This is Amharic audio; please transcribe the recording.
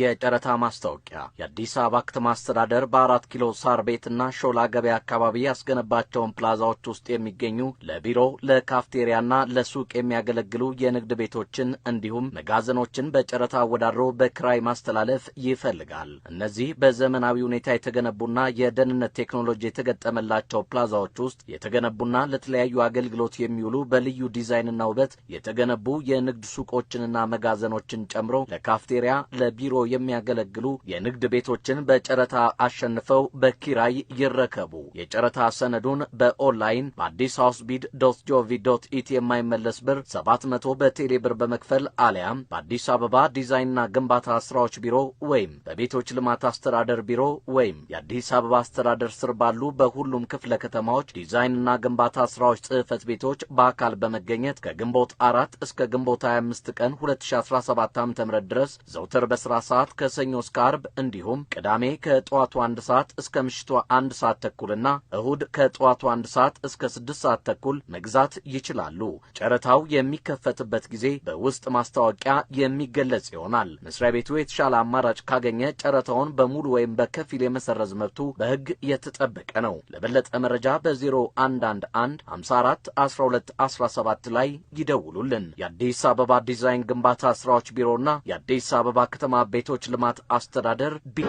የጨረታ ማስታወቂያ የአዲስ አበባ ከተማ አስተዳደር በአራት ኪሎ ሳር ቤትና ሾላ ገበያ አካባቢ ያስገነባቸውን ፕላዛዎች ውስጥ የሚገኙ ለቢሮ ለካፍቴሪያና ለሱቅ የሚያገለግሉ የንግድ ቤቶችን እንዲሁም መጋዘኖችን በጨረታ አወዳድሮ በክራይ ማስተላለፍ ይፈልጋል። እነዚህ በዘመናዊ ሁኔታ የተገነቡና የደህንነት ቴክኖሎጂ የተገጠመላቸው ፕላዛዎች ውስጥ የተገነቡና ለተለያዩ አገልግሎት የሚውሉ በልዩ ዲዛይንና ውበት የተገነቡ የንግድ ሱቆችንና መጋዘኖችን ጨምሮ ለካፍቴሪያ ለቢሮ የሚያገለግሉ የንግድ ቤቶችን በጨረታ አሸንፈው በኪራይ ይረከቡ። የጨረታ ሰነዱን በኦንላይን በአዲስ ሃውስ ቢድ ዶት ጆቪ ዶት ኢት የማይመለስ ብር 700 በቴሌ ብር በመክፈል አሊያም በአዲስ አበባ ዲዛይንና ግንባታ ስራዎች ቢሮ ወይም በቤቶች ልማት አስተዳደር ቢሮ ወይም የአዲስ አበባ አስተዳደር ስር ባሉ በሁሉም ክፍለ ከተማዎች ዲዛይንና ግንባታ ስራዎች ጽህፈት ቤቶች በአካል በመገኘት ከግንቦት አራት እስከ ግንቦት 25 ቀን 2017 ዓ.ም ድረስ ዘውትር በስራ ሰዓት ከሰኞ እስከ አርብ እንዲሁም ቅዳሜ ከጠዋቱ አንድ ሰዓት እስከ ምሽቱ አንድ ሰዓት ተኩልና እሁድ ከጠዋቱ አንድ ሰዓት እስከ ስድስት ሰዓት ተኩል መግዛት ይችላሉ። ጨረታው የሚከፈትበት ጊዜ በውስጥ ማስታወቂያ የሚገለጽ ይሆናል። መስሪያ ቤቱ የተሻለ አማራጭ ካገኘ ጨረታውን በሙሉ ወይም በከፊል የመሰረዝ መብቱ በሕግ የተጠበቀ ነው። ለበለጠ መረጃ በ0111 54 12 17 ላይ ይደውሉልን። የአዲስ አበባ ዲዛይን ግንባታ ስራዎች ቢሮና የአዲስ አበባ ከተማ ቤት ቤቶች ልማት አስተዳደር ቢ